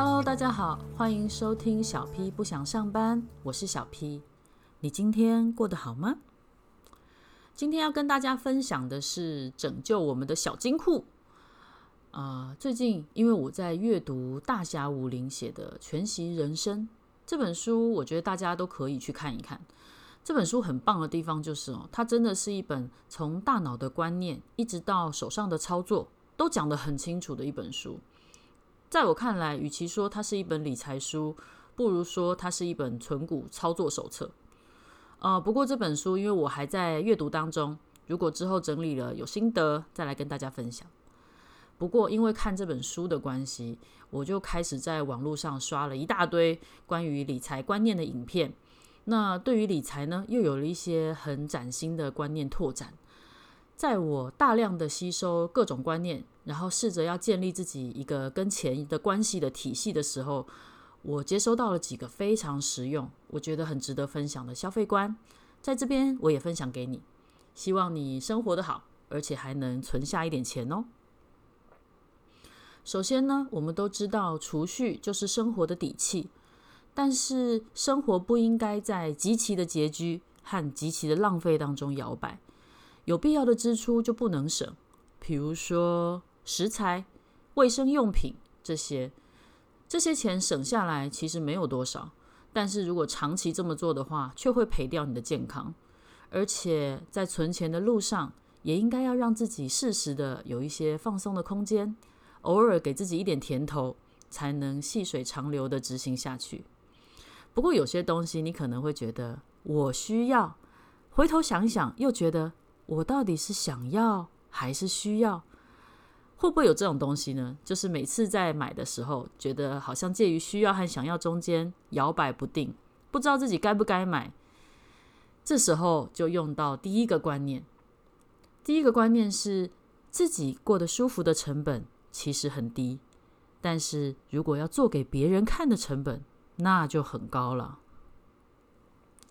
Hello，大家好，歡迎收聽小 P 不想上班，我是小 P。你今天過得好嗎？今天要跟大家分享的是拯救我們的小金庫。啊、呃，最近因為我在閱讀大俠武林寫的《全息人生》這本書，我覺得大家都可以去看一看。這本書很棒的地方就是哦，它真的是一本從大腦的觀念一直到手上的操作都講得很清楚的一本書。在我看來，與其說它是一本理財書，不如說它是一本存股操作手冊。呃，不過這本書因為我還在閱讀當中，如果之後整理了有心得，再來跟大家分享。不過因為看這本書的關係，我就開始在網絡上刷了一大堆關於理財觀念的影片。那對於理財呢，又有了一些很嶄新的觀念拓展。在我大量的吸收各種觀念，然後試着要建立自己一個跟錢的關係的體系的時候，我接收到了幾個非常實用，我覺得很值得分享的消費觀，在這邊我也分享給你，希望你生活得好，而且還能存下一點錢哦。首先呢，我們都知道儲蓄就是生活的底氣，但是生活不應該在極其的拮据和極其的浪費當中搖擺。有必要的支出就不能省，比如說食材、衛生用品這些，這些錢省下來其實沒有多少，但是如果長期這麼做的話，卻會賠掉你的健康。而且在存錢的路上，也應該要讓自己適時的有一些放鬆的空間，偶爾給自己一點甜頭，才能細水長流的執行下去。不過有些東西你可能會覺得我需要，回頭想想又覺得。我到底是想要還是需要？會不會有這種東西呢？就是每次在買的時候，覺得好像介於需要和想要中間搖擺不定，不知道自己該不該買。這時候就用到第一個觀念。第一個觀念是，自己過得舒服的成本其實很低，但是如果要做給別人看的成本，那就很高了。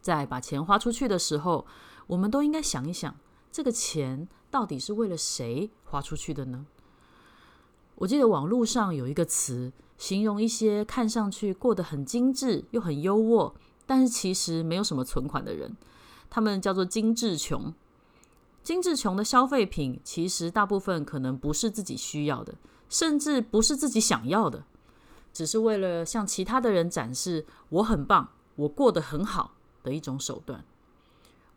在把錢花出去的時候，我們都應該想一想。這個錢到底是為了誰花出去的呢？我記得網絡上有一個詞，形容一些看上去過得很精緻又很優渥，但是其實沒有什麼存款的人，他們叫做“精緻窮”。精緻窮的消費品，其實大部分可能不是自己需要的，甚至不是自己想要的，只是為了向其他的人展示我很棒，我過得很好的一種手段。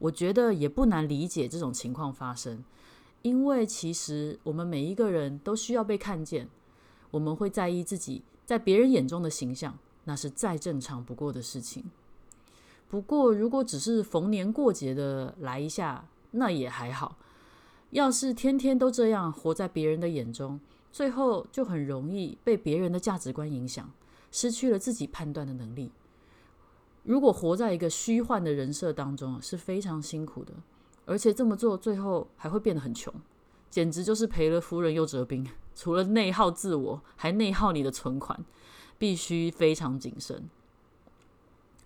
我覺得也不難理解這種情況發生，因為其實我們每一個人都需要被看見，我們會在意自己在別人眼中的形象，那是再正常不過的事情。不過，如果只是逢年過節的來一下，那也還好；要是天天都這樣活在別人的眼中，最後就很容易被別人的價值觀影響，失去了自己判斷的能力。如果活在一個虛幻的人設當中是非常辛苦的，而且這麼做最後還會變得很窮，簡直就是賠了夫人又折兵。除了內耗自我，還內耗你的存款，必須非常謹慎。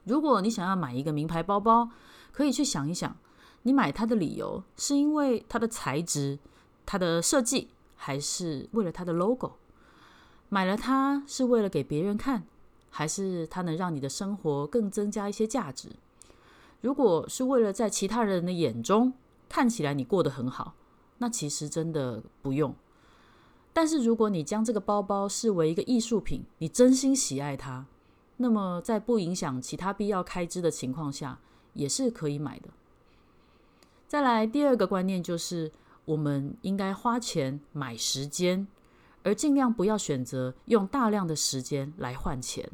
如果你想要買一個名牌包包，可以去想一想，你買它的理由是因為它的材質、它的設計，還是為了它的 logo？買了它是為了給別人看？還是它能讓你的生活更增加一些價值？如果是為了在其他人的眼中看起來你過得很好，那其實真的不用。但是如果你將這個包包視為一個藝術品，你真心喜愛它，那麼在不影響其他必要開支的情況下，也是可以買的。再來第二個觀念就是，我們應該花錢買時間。而盡量不要選擇用大量的時間來換錢。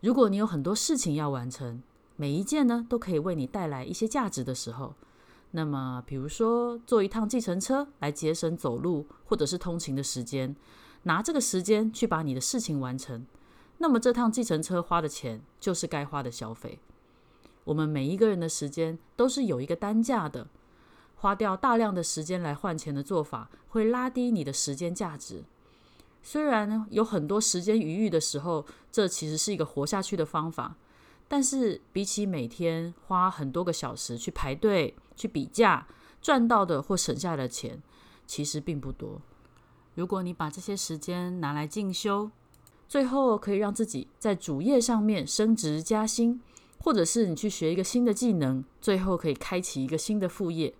如果你有很多事情要完成，每一件呢都可以為你帶來一些價值的時候，那麼比如說坐一趟計程車來節省走路或者是通勤的時間，拿這個時間去把你的事情完成，那麼這趟計程車花的錢就是該花的消費。我們每一個人的時間都是有一個單價的。花掉大量的時間來換錢的做法，會拉低你的時間價值。雖然有很多時間餘裕的時候，這其實是一個活下去的方法。但是，比起每天花很多個小時去排隊、去比價，賺到的或省下的錢其實並不多。如果你把這些時間拿來進修，最後可以讓自己在主業上面升職加薪，或者是你去學一個新的技能，最後可以開啟一個新的副業。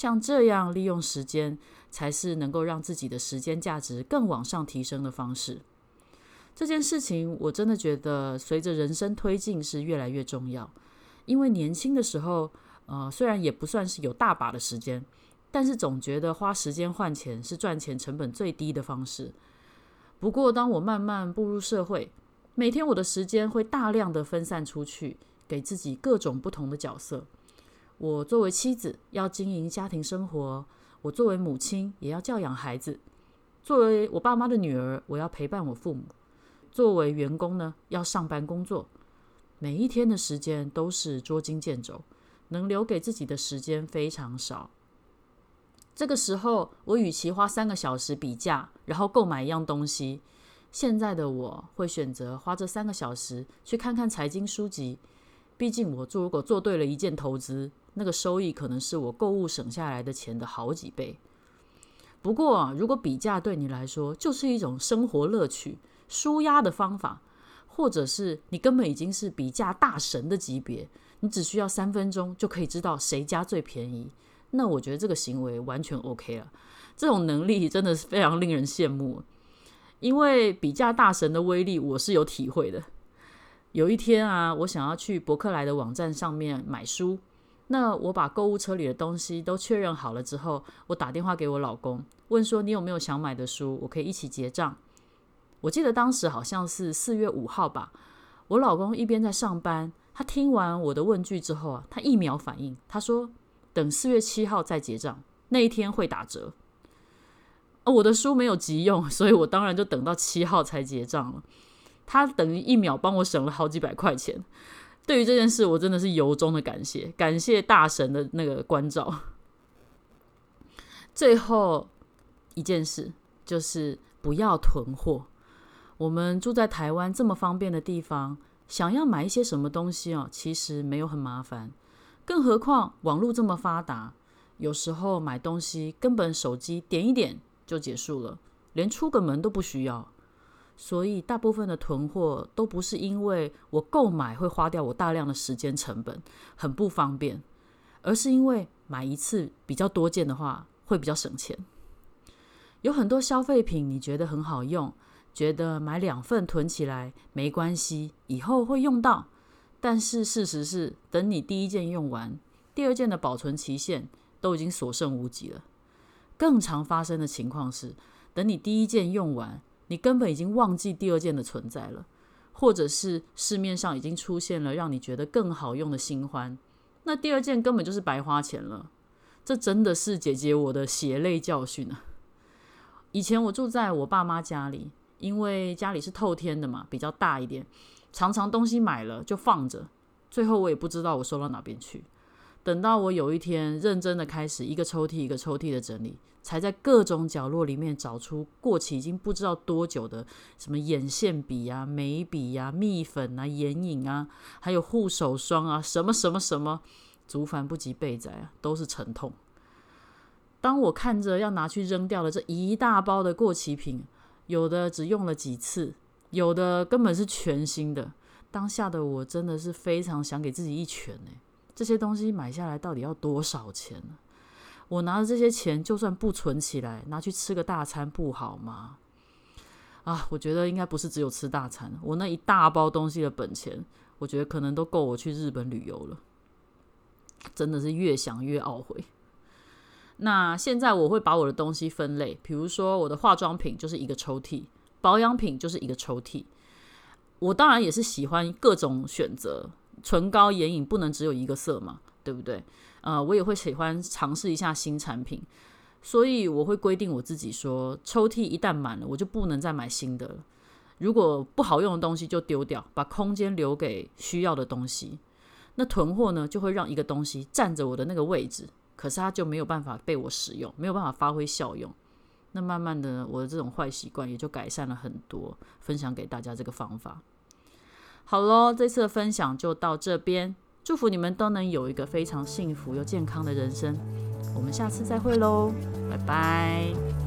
像這樣利用時間，才是能夠讓自己的時間價值更往上提升的方式。這件事情，我真的覺得隨着人生推進是越來越重要。因為年輕的時候，呃，雖然也不算是有大把的時間，但是總覺得花時間換錢是賺錢成本最低的方式。不過，當我慢慢步入社會，每天我的時間會大量的分散出去，給自己各種不同的角色。我作為妻子要經營家庭生活，我作為母親也要教養孩子，作為我爸媽的女兒，我要陪伴我父母，作為員工呢，要上班工作，每一天的時間都是捉襟見肘，能留給自己的時間非常少。這個時候，我與其花三個小時比價，然後購買一樣東西，現在的我會選擇花這三個小時去看看財經書籍。畢竟我做如果做對了一件投資，那個收益可能是我購物省下來的錢的好幾倍。不過啊，如果比價對你來說就是一種生活樂趣、舒壓的方法，或者是你根本已經是比價大神的級別，你只需要三分鐘就可以知道誰家最便宜，那我覺得這個行為完全 OK 了。這種能力真的是非常令人羨慕，因為比價大神的威力我是有體會的。有一天啊，我想要去博客來的網站上面買書。那我把購物車裡的東西都確認好了之後，我打電話給我老公，問說你有沒有想買的書，我可以一起結賬。我記得當時好像是四月五號吧。我老公一邊在上班，他聽完我的問句之後啊，他一秒反應，他說等四月七號再結賬，那一天會打折。哦，我的書沒有急用，所以我當然就等到七號才結賬了。他等於一秒幫我省了好幾百塊錢。對於這件事，我真的是由衷的感謝，感謝大神的那個關照。最後一件事就是不要囤貨。我們住在台灣這麼方便的地方，想要買一些什麼東西哦，其實沒有很麻煩。更何況網絡這麼發達，有時候買東西根本手機點一點就結束了，連出個門都不需要。所以大部分的囤貨都不是因為我購買會花掉我大量的時間成本，很不方便，而是因為買一次比較多件的話會比較省錢。有很多消費品你覺得很好用，覺得買兩份囤起來沒關係，以後會用到。但是事實是，等你第一件用完，第二件的保存期限都已經所剩無幾了。更常發生的情況是，等你第一件用完，你根本已經忘記第二件的存在了，或者是市面上已經出現了讓你覺得更好用的新歡，那第二件根本就是白花錢了。這真的是姐姐我的血淚教訓啊！以前我住在我爸媽家裡，因為家裡是透天的嘛，比較大一點，常常東西買了就放着，最後我也不知道我收到哪邊去。等到我有一天認真的開始一個抽屜一個抽屜的整理，才在各種角落裡面找出過期已經不知道多久的什麼眼線筆呀、啊、眉筆呀、啊、蜜粉啊、眼影啊，還有護手霜啊，什麼什麼什麼，族繁不及備載啊，都是沉痛。當我看着要拿去扔掉了這一大包的過期品，有的只用了幾次，有的根本是全新的，當下的我真的是非常想給自己一拳呢、欸。這些東西買下來到底要多少錢？我拿着這些錢，就算不存起來，拿去吃個大餐不好嗎？啊，我覺得應該不是只有吃大餐。我那一大包東西的本錢，我覺得可能都夠我去日本旅遊了。真的是越想越懊悔。那現在我會把我的東西分類，比如說我的化妝品就是一個抽屜，保養品就是一個抽屜。我當然也是喜歡各種選擇。唇膏、眼影不能只有一個色嘛，對不對？呃，我也會喜歡嘗試一下新產品，所以我會規定我自己說，抽屜一旦滿了，我就不能再買新的了。如果不好用的東西就丟掉，把空間留給需要的東西。那囤貨呢，就會讓一個東西占着我的那個位置，可是它就沒有辦法被我使用，沒有辦法發揮效用。那慢慢的，我的這種壞習慣也就改善了很多。分享給大家這個方法。好嘍，這次的分享就到這邊。祝福你們都能有一個非常幸福又健康的人生。我們下次再會嘍，拜拜。